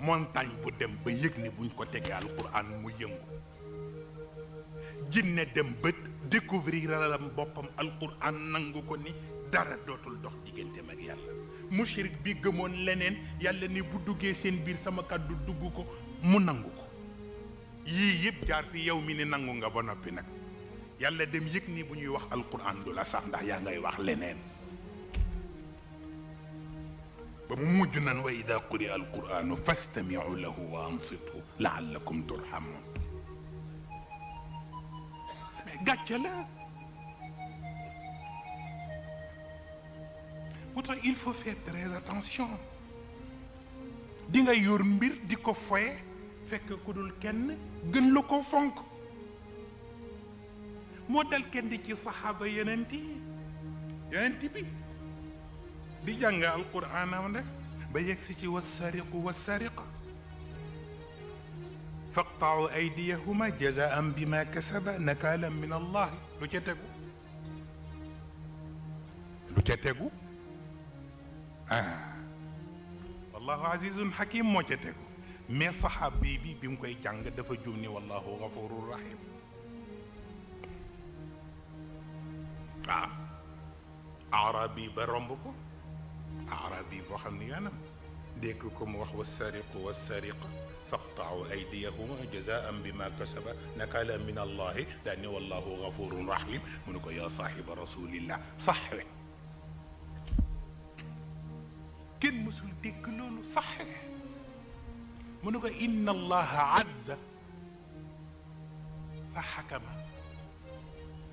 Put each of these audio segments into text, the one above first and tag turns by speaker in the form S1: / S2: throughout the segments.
S1: montagne bu dem ba yëg ni buñ ko tegee alxuraan mu yëngu jinne dem ba découvrir alalam boppam alxuraan nangu ko ni dara dootul dox digganteem ak yàlla mushrik bi gëmoon leneen yàlla ni bu duggee seen biir sama kàddu dugg ko mu nangu ko yii yëpp jaar fi yow mi ni nangu nga ba noppi nag yàlla dem yëg ni bu ñuy wax alxuraan du la sax ndax yaa ngay wax leneen مموج نان واذا قرئ القران فاستمعوا له وانصتوا لعلكم ترحمون gàcce la moo tax il faut faire très attention di nga yor mbir di ko foye fekk ku dul kenn gën la ko fonk moo dal kenn ci saxaaba yeneen yi yeneen bi di jàng alquraanam rek ba yegsi ci wassariqu wassariqa faqtau aydiyahuma jazaan bima kasaba nakaalan min allah lu ca tegu lu ca tegu ah wallahu azizun xakim moo ca tegu mais saxaab bii bi bi mu koy jàng dafa jum ni wallahu gafurur rahim waaw arabi ba romb ko أعرابي أنا ديككم وهو السارق والسارقة فاقطعوا أيديهما جزاء بما كسب نكالا من الله لأن والله غفور رحيم منك يا صاحب رسول الله صح كن مسل ديكلون صح منك إن الله عز فحكم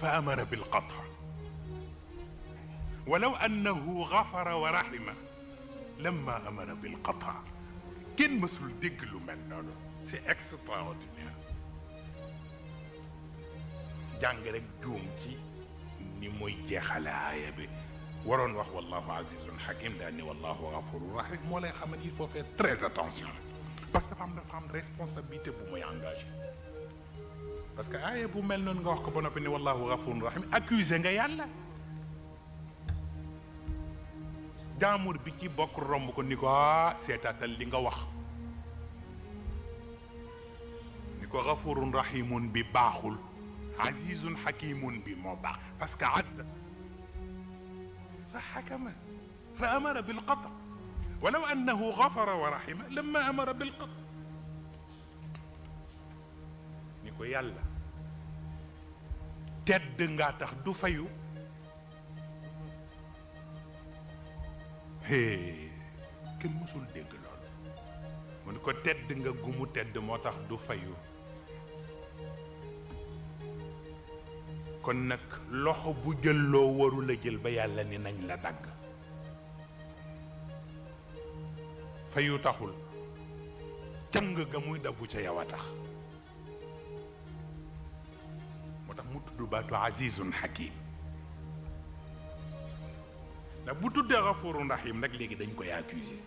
S1: فأمر بالقطع ولو انه غفر ورحمه لما امر بالقطع كن مسل دجلو منانو سي اكسترا اوردينير جانغ رك جومتي ني موي جيخال ايابي ورون واخ والله عزيز حكيم لاني والله غفور رحيم مولا خمني فو في تريز اتونسيون باسكو فام دا فام ريسبونسابيلتي بو موي انغاجي باسكو ايابو مل نون غوخ بو نوبي ني والله غفور رحيم اكوزي nga yalla jaamur bi ci bokk romb ko ni ko seetaatal li nga wax ni ko gafurun rahimun bi baaxul azizun hakimun bi moo baax parce que fa azza فحكم فأمر بالقطع ولو أنه غفر ورحم لما أمر بالقطع نيكو يلا تد nga tax du fayu kenn mësul dégg loolu mun ko tedd nga gumu tedd moo tax du fayu kon nag loxo bu jëlloo loo waru jël ba yàlla ni nañ la dagg fayu taxul càng ga muy dabu ca yow a tax moo tax mu tudd baatu azizun hakim da bu tuddé xafuuru rahim nak légui dañ koy accuser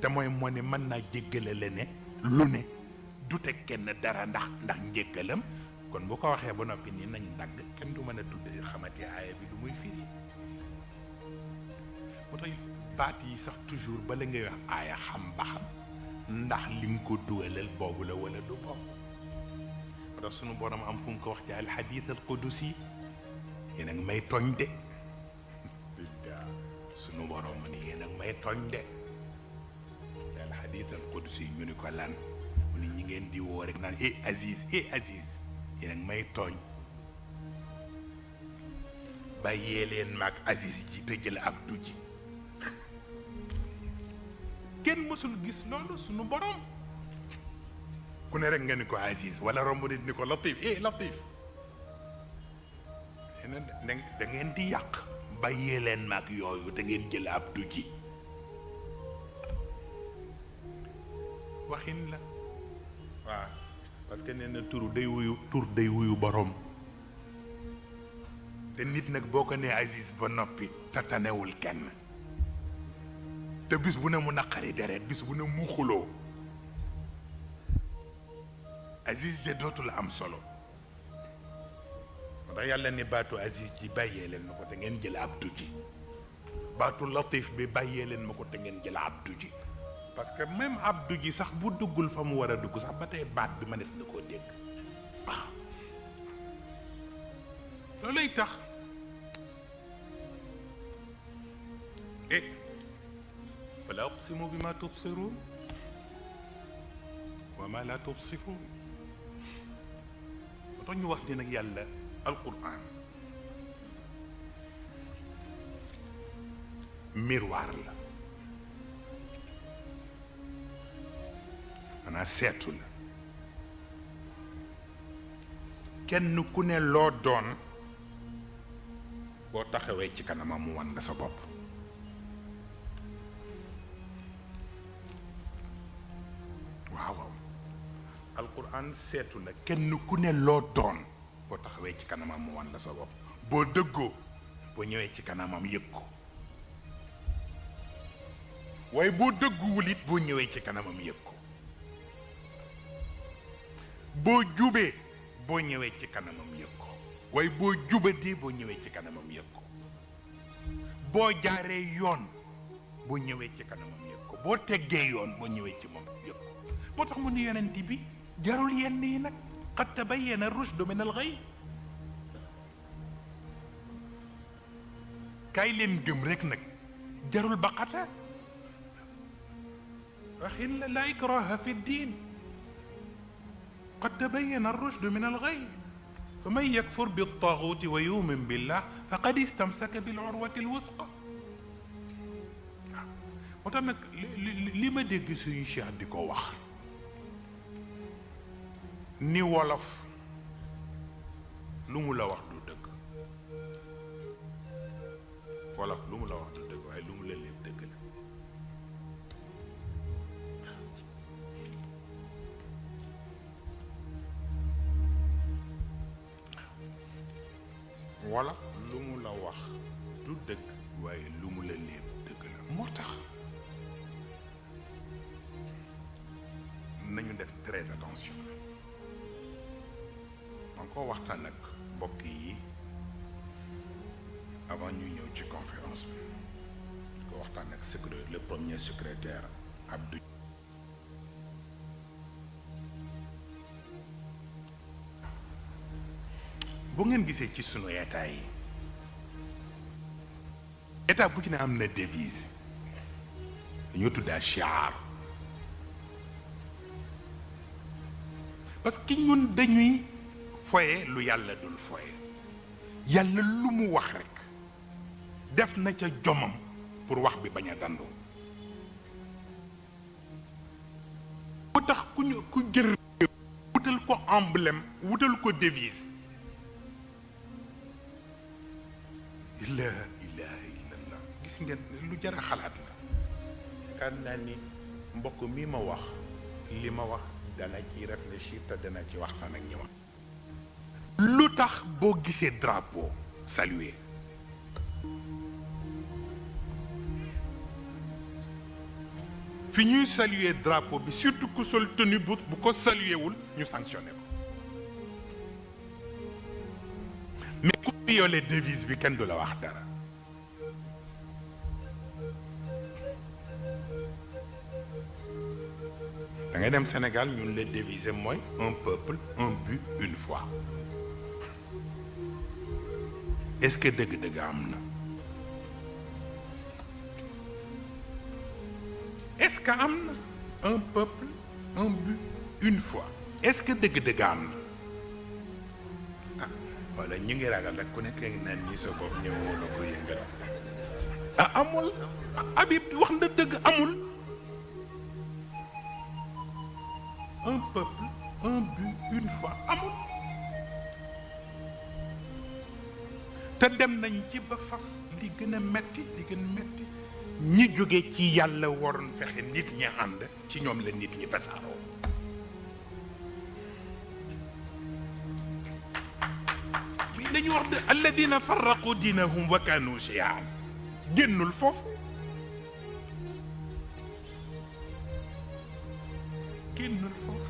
S1: te moy moo ne mën naa jéggale la lu ne du te kenn dara ndax ndax njéggalam kon bu ko waxé ba nopi ni nañ dag kenn du mëna tuddé xamati aya bi du muy firi motay tax sax toujours ba la ngay wax aya xam ba xam ndax lim ko duwelal bobu la wala du boobu da sunu borom am fu ko wax ci al hadith al qudusi ene a may togn de sunu borom mu ne yéen ak may tooñ de dal xadiis al ñu ni ko lan mu ne ñi ngeen di woo rek naan eh Aziz eh Aziz yéen ak may tooñ bàyyee leen maag Aziz ci te jël ab ji kenn mësul gis loolu sunu borom ku ne rek nga ni ko Aziz wala romb nit ni ko Latif eh Latif da ngeen di yàq bàyyee leen mag yooyu te ngeen jël ab du ji waxin la waaw parce que tur day wuyu tur day wuyu borom te nit nag boo ko nee Aziz ba noppi tatanewul kenn te bis bu ne mu naqari deret bis bu ne muuxuloo xuloo Aziz ja dootul am solo tax yàlla ni baatu Aziz ji bàyyee leen ma ko te ngeen jël Abdou ji baatu Latif bi bàyyee leen ma ko te ngeen jël Abdou ji parce que même Abdou ji sax bu duggul fa mu war a dugg sax ba tey baat bi mënees na koo dégg waaw loolay tax eh fala uqsimu bima tubsirun wa ma la tubsirun ba tax ñu wax ni nag yàlla alquran miroir la maanaam seetu la kenn ku ne loo doon boo taxawee ci kanamam mu wan nga sa bopp waaw alquran seetu la kenn ku ne loo doon boo taxawee ci kanamam mu wan la sa bopp boo dëggoo boo ñëwee ci kanamam yëg ko waaye boo dëgguwul it boo ñëwee ci kanamam yëg ko boo jubee boo ñëwee ci kanamam yëg ko waaye boo boo ñëwee ci kanamam yëg ko boo jaaree yoon boo ñëwee ci kanamam yëg ko boo teggee yoon boo ñëwee ci moom yëg ko moo tax mu ne yonent bi jarul yenn yi nag قد تبين الرشد من الغي kaay leen gëm rek nag jarul baqata axin la ikraha قد تبين الرشد من الغي فمن يكفر بالطاغوت ويؤمن بالله فقد استمسك بالعروة الوثقى وتنك لما nag سيدي ma dégg ni wolof lu mu la wax du dëgg la wax waaye lu mu la lépp dëgg la wolof waaye lu mu la lépp dëgg moo tax nañu def très attention encore waxtaan ak mbokk yi avant ñu ñëw ci conférence bi ko waxtaan ak secrétaire le premier secrétaire Abdou bu ngeen gisee ci sunu état yi état bu ci ne am na devise dañoo tudda chiar parce que ñun dañuy foye lu yàlla dul foye yàlla lu mu wax rekk def na ca jomam pour wax bi bañ a dandoo bu tax ku ñu ku jër wutal ko emblème wutal ko devise la ilaha illallah gis ngeen lu jar a xalaat la yaakaar naa ni mbokk mi ma wax li ma wax dana ci réfléchir te dana ci waxtaan ak ñi wax lu bo drapeau saluer Fini saluer drapeau bi surtout ku sol tenue bout, bu ko saluer wul ñu sanctionné ko mais ku violer devise bi ken do la wax dara da le dem Sénégal nous les devises moins un peuple un but une fois est-ce que deug dëgg am est-ce que am un peuple un but une foi est-ce que deug dëgg am ah wala ñi ngi ragal rek ku nekk ngi naan ñi sa bopp ñëwoo la ko yëngal ah amul Habib wax na deug amul un peuple un but une foi te dem nañ ci ba faf li gën a metti li gën a metti ñi jóge ci yàlla waroon fexe nit ñi ànd ci ñoom la nit ñi tasaaroo dañu wax de alladina farraqu diinahum wa kanu shiyaan génnul foofu génnul foofu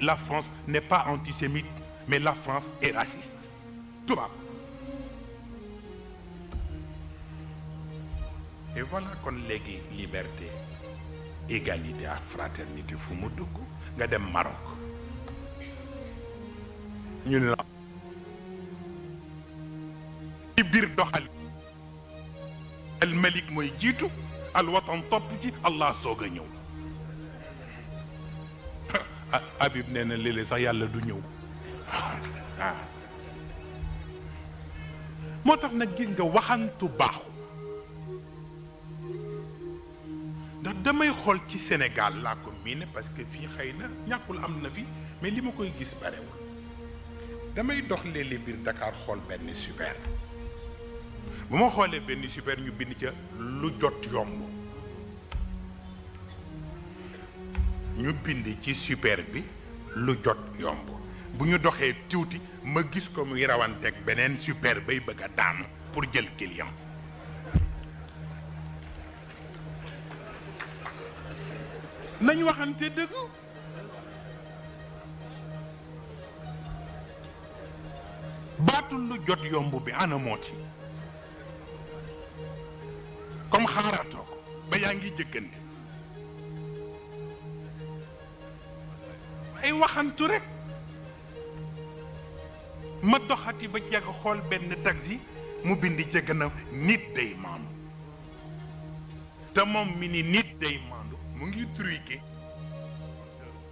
S1: la France n'est pas antisémite, mais la France est raciste. Tout va. Et voilà qu'on lègue liberté, égalité la fraternité Fumodoku, gade Maroc. ñu ne la biir doxali al malik mooy al watan top ci allah soog Habib nee na léelée sax yàlla du ñëw ah. Ah. moo tax nag gis nga waxantu baaxu ndax damay xool ci Sénégal laa ko miine parce que fii xëy na ñàkkul am na fi mais li ma koy gis barewul damay dox léeg-léeg biir Dakar xool benn super bu ma xoolee benn super ñu bind ca lu jot yomb ñu bind ci super bi lu jot yomb bu ñu doxee tuuti ma gis ko muy rawanteeg beneen super bay bëgg a daanu pour jël client nañ waxante dëgg baatul lu jot yomb bi ana mooti comme ko ba yaa ngi jëkkante ay waxantu rek ma doxati ba jag xool benn taxi mu bind jeg na nit day maandu te moom mi ni nit day maandu mu ngi truqué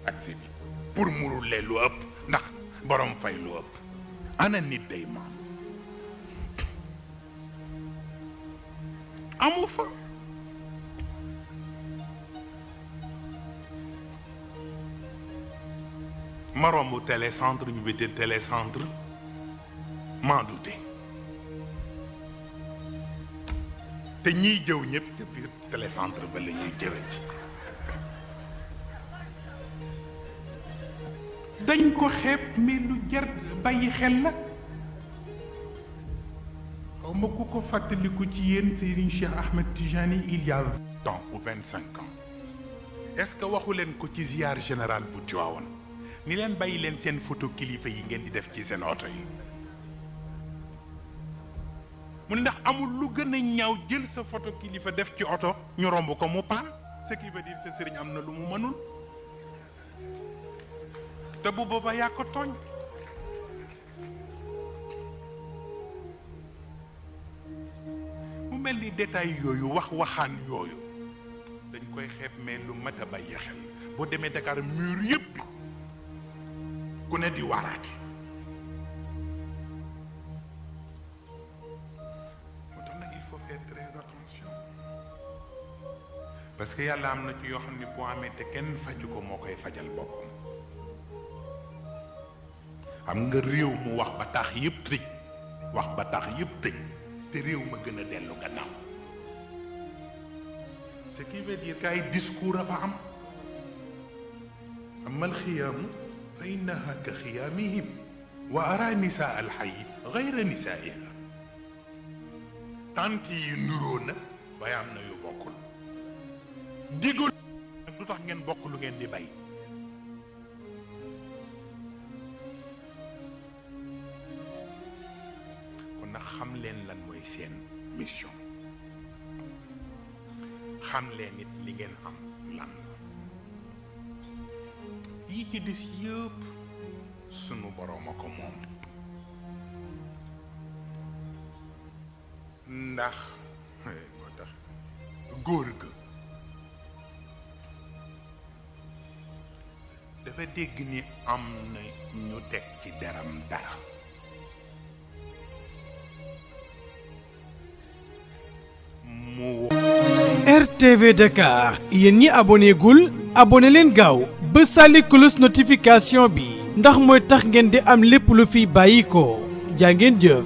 S1: taxi bi pour mu rouler lu ëpp ndax borom fay lu ëpp ana nit day maandu amu fa Je suis télécentre ñu télécentre m'en douter té jëw ñëpp télécentre ba la ñuy ci dañ ko pas mi lu jar la ko ci Cheikh Ahmed Tijani il y a 25 ans ou est-ce que ko ci général bu ni leen bàyyi leen seen photo kilifa yi ngeen di def ci seen oto yi mu ndax amul lu gën a ñaw jël sa photo kilifa def ci oto ñu romb ko mu paan ce qui veut dire que sëriñ am na lu mu mënul te bu booba yaa ko tooñ mu mel ni détail yooyu wax waxaan yooyu dañ koy xeeb mais lu mat a bàyyi boo demee Dakar mur yépp ku ne parce que yàlla am na ci yoo xam ne boo amee te kenn faju ko moo koy fajal boppam xam nga réew mu wax ba tax yëpp tëj wax ba taax yépp tëj te réew ma gën a dellu gannaaw ce qui veut dire que a fa am amal xiyaamu فإنها كخيامهم وأرى نساء الحي غير نسائها تانتي نورونا بيامنا يو بوكل ديغول سوتاخ نين بوكلو نين دي باي كنا خام لين لان موي سين ميسيون خام لين نيت لي نين ام لان yi ci dis yëpp sunu borom a ko moom ndax eh, moo tax góor ga dafa dégg ni am na ñu teg ci deram dara mu RTV Dakar yéen ñi aboné gul aboné len gaaw ba sàlli kulus notification bi ndax mooy tax ngeen di am lépp lu fiy bàyyi ko jaa ngeen jëf